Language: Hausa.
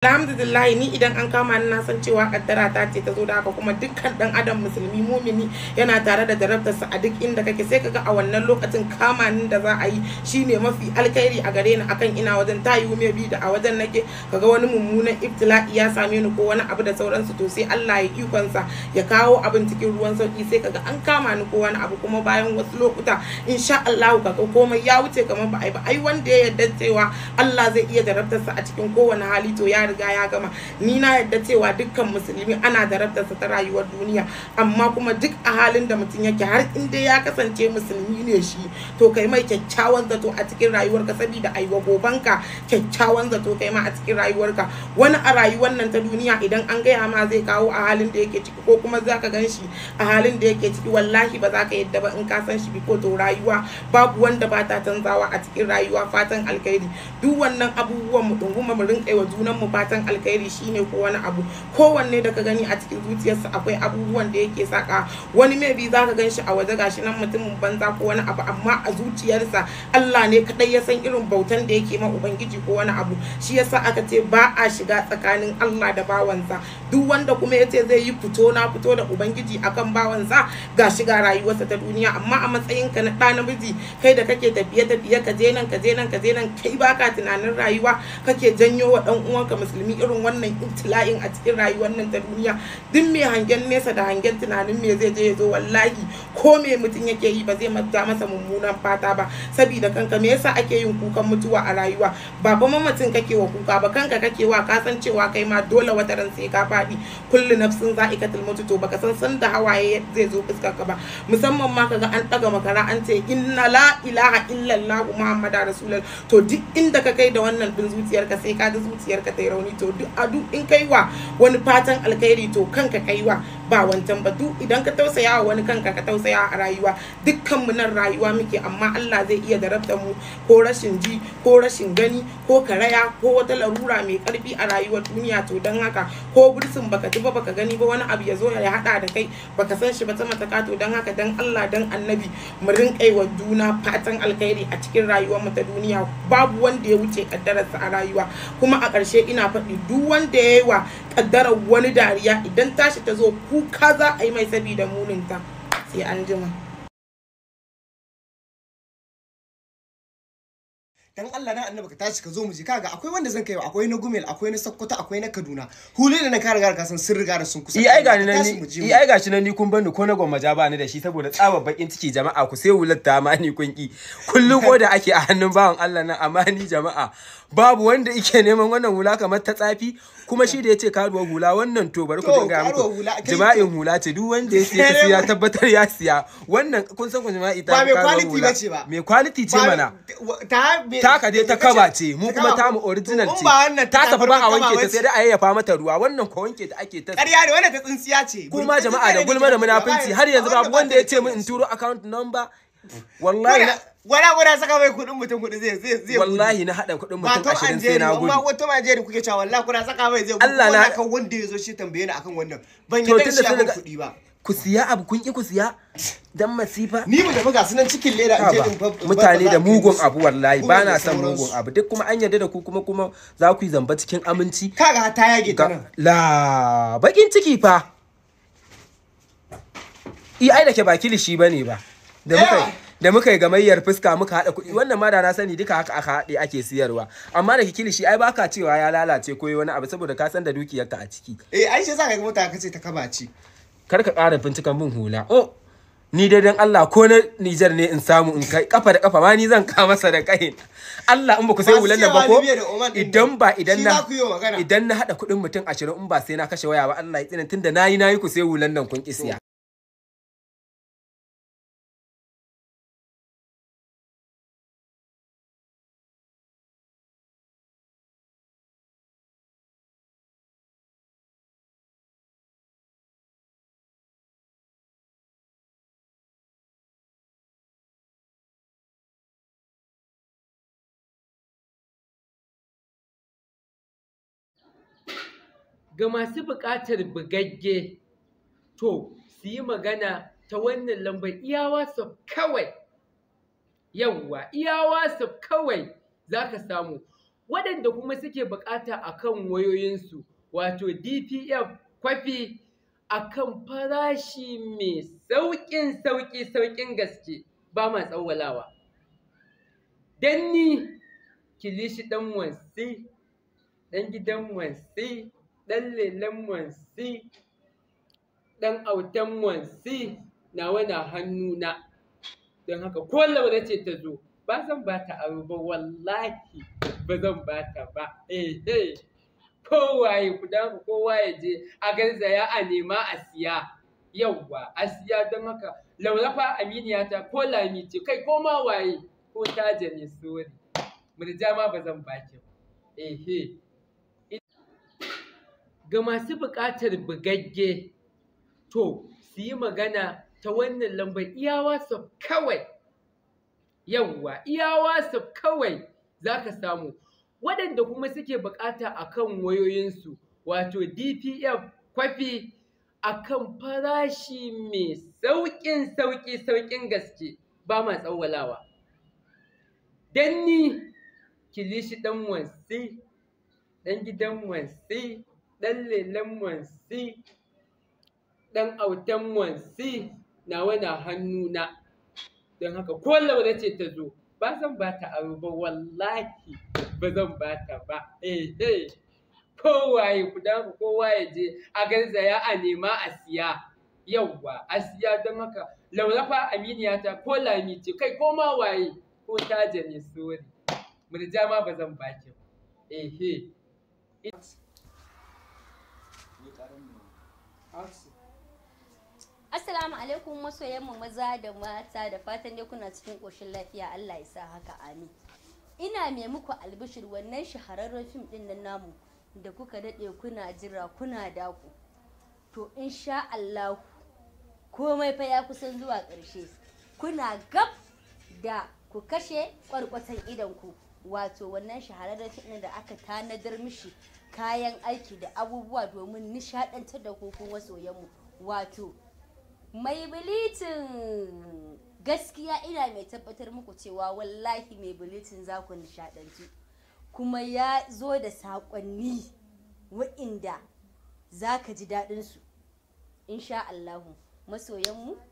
alhamdulillah ni idan an kama ni na san cewa kaddara ta ce ta zo da haka kuma dukkan dan adam musulmi mumini yana tare da sa a duk inda kake sai kaga a wannan lokacin kama ni da za a yi shine mafi alkhairi a gare ni akan ina wajen ta yiwu mai bi da a wajen nake kaga wani mummunan ibtila'i ya same ni ko wani abu da sauransu to sai Allah ya ikonsa ya kawo abin cikin ruwan sauki sai kaga an kama ni ko wani abu kuma bayan wasu lokuta insha Allah kaga komai ya wuce kamar ba ai ba ai wanda ya yarda cewa Allah zai iya sa a cikin kowane hali to ya riga ya gama ni na yadda cewa dukkan musulmi ana da jarabtarsa ta rayuwar duniya amma kuma duk a halin da mutum yake har in dai ya kasance musulmi ne shi to kai mai kyakkyawan zato a cikin rayuwar rayuwarka saboda aiwa ka kyakkyawan zato kai ma a cikin rayuwar ka wani a rayuwar nan ta duniya idan an gaya ma zai kawo a halin da yake ciki ko kuma zaka gan shi a halin da yake ciki wallahi ba za ka yadda ba in ka san shi ko to rayuwa babu wanda ba ta canzawa a cikin rayuwa fatan alkhairi duk wannan abubuwan mu dunguma mu rinka yi wa junan mu ba fatan alkhairi shine ko wani abu kowanne da ka gani a cikin zuciyarsa akwai abubuwan da yake saka wani mai bi zaka gan shi a waje gashi nan mutumin banza ko wani abu amma a zuciyarsa Allah ne kadai ya san irin bautan da yake ma ubangiji ko wani abu shi yasa aka ce ba a shiga tsakanin Allah da bawansa duk wanda kuma yace zai yi fito na fito da ubangiji akan bawansa ga shiga rayuwarsa ta duniya amma a matsayin ka na ɗa namiji kai da kake tafiye tafiye ka je nan ka je nan ka je nan kai baka tunanin rayuwa kake janyo wa ɗan uwanka musulmi irin wannan ibtila'in a cikin rayuwar nan ta duniya duk mai hangen nesa da hangen tunanin me zai je ya zo wallahi ko me mutum yake yi ba zai mata masa mummunan fata ba saboda kanka me yasa ake yin kukan mutuwa a rayuwa ba kuma mamacin kake wa kuka ba kanka kake wa ka san cewa kai ma dole wata ran sai ka faɗi kullu nafsin za'ikatul mutu to baka san san da hawaye zai zo fuskar ka ba musamman ma kaga an daga makara an ce inna la ilaha illallah muhammadar rasulullah to duk inda ka kai da wannan din zuciyarka sai ka da zuciyarka ta yi wani to duk a in kaiwa wa wani fatan alkhairi to kanka kai wa ba wancan ba duk idan ka tausaya wa wani kanka ka tausaya a rayuwa dukkan mu nan rayuwa muke amma Allah zai iya darabta mu ko rashin ji ko rashin gani ko karaya ko wata larura mai karfi a rayuwar duniya to dan haka ko bursin baka ji ba baka gani ba wani abu ya zo ya hada da kai baka san shi ba ta mataka to dan haka dan Allah dan annabi mu rinƙai wa juna fatan alkhairi a cikin rayuwar mu ta duniya babu wanda ya wuce kaddararsa a rayuwa kuma a karshe ina faɗi duk wanda ya yi wa kaddarar wani dariya idan tashi ta zo ku Kaza za a yi mai sabida muninta sai an jima dan Allah na annabi ka tashi ka zo mu je kaga akwai wanda zan kaiwa akwai na Gumel akwai na Sokoto akwai na Kaduna hulu da na ka riga ka san sun riga da sun kusa eh, ai gani nan ni ai gashi nan ni kun bani ko na gwammaja ba ni da shi saboda tsaba bakin ciki jama'a ku sai wulat da ma ni kun ki ko da ake a hannun bawan Allah nan amma ni jama'a babu wanda yake neman wannan hula kamar ta tsafi kuma shi da yace karuwar hula wannan to bari ku dinga muku jima'in hula ce duk wanda ya siya ya tabbatar ya siya wannan kun san ku jima'i ta ba me quality bace ba me quality ce mana ta taka dai ta kaba ce mu kuma ta mu original ce ta tafi ba a wanke ta sai dai a yayyafa mata ruwa wannan ko wanke ta ake ta ƙarya ne wannan ta tsinsiya ce kuma jama'a da gulma da munafunci har yanzu babu wanda ya ce min in turo account number wallahi wala wala saka mai kudin mutum kudi zai zai zai wallahi na hada kudin mutum 20 sai na gudu ba wato ma je kuke cewa wallahi kuna saka mai zai gudu Allah na kan wanda yazo shi tambaye ni akan wannan ban yi dan shi kudi ba ku siya abu kun ki ku siya dan masifa ni mu da muga sunan cikin leda in je mutane da mugun abu wallahi ba na son mugun abu duk kuma an yarda da ku kuma kuma za ku yi zamba cikin aminci kaga ta yage ta la bakin ciki fa i ai da ke ba kilishi bane ba da muka da muka yi gamayyar fuska muka haɗa kuɗi wannan ma da na sani duka haka aka haɗe ake siyarwa amma da kilishi ai baka cewa ya lalace ko wani abu saboda ka san da dukiyarka a ciki eh ai sai za ka ga mota ka ce ta kaba ce kar ka ƙara bincikan bin hula oh ni dai dan Allah ko na Nijar ne in samu in kai kafa da kafa ma ni zan ka masa da kai Allah in ba ku sai wulan nan ba ko idan ba idan na idan na hada kudin mutum 20 in ba sai na kashe waya ba Allah ya tsina tunda nayi nayi ku sai wulan nan kun kisiya ga masu buƙatar bugagge to su yi magana ta wannan lambar iyawa su kawai yawwa iyawa su kawai za ka samu waɗanda kuma suke buƙata a kan wayoyinsu wato DPF kwafi a kan farashi mai sauƙin sauƙi sauƙin gaske ba ma tsawalawa Don ni kilishi ɗan wansi, ɗan gidan wansi, ɗan lelen wansi ɗan autan wansi na wana na. don haka ko laura ce ta zo ba zan ba ta aro ba wallahi ba zan ba ta ba eh eh waye ku da kowa ya je a garzaya a nema a siya yauwa a siya don haka laura fa aminiya ta ko lami ce kai ko ma waye ko ta ne sori murja ma ba zan ba ki ba eh eh ga masu buƙatar bugagge to su yi magana ta wannan lambar iya WhatsApp kawai yawwa iya WhatsApp kawai za ka samu waɗanda kuma suke buƙata a kan wayoyinsu wato DPF kwafi a kan farashi mai sauƙin sauƙi sauƙin gaske ba ma tsawalawa don ni kilishi ɗan wansi ɗan gidan wansi ɗan lelen wansi ɗan autan wansi nawa na hannuna don haka ko laura ce ta zo ba zan ba ta aro ba wallahi ba zan ba ta ba eh ku dan kowa ya je a garzaya a nema a siya yauwa a siya don haka laura fa aminiya ta ko lami ce kai ko ma waye ko ta jane sori murja ma ba zan ba ki ba eh, eh. Assalamu alaikum masoyan mu maza da mata da fatan dai kuna cikin koshin lafiya Allah ya sa haka amin. Ina mai muku albishir wannan shahararren fim din nan namu da kuka daɗe kuna jira kuna daku. To insha Allah komai fa ya kusan zuwa ƙarshe. Kuna gab da ku kashe kwarkwatan idan ku. wato wannan shahararren fim da aka tanadar mishi kayan aiki da abubuwa domin nishaɗantar da kokon wasoyanmu wato mai bilitin gaskiya ina mai tabbatar muku cewa wallahi mai bilitin za ku nishaɗantu kuma ya zo da saƙonni wa'inda za ka ji daɗinsu insha Allahu masoyanmu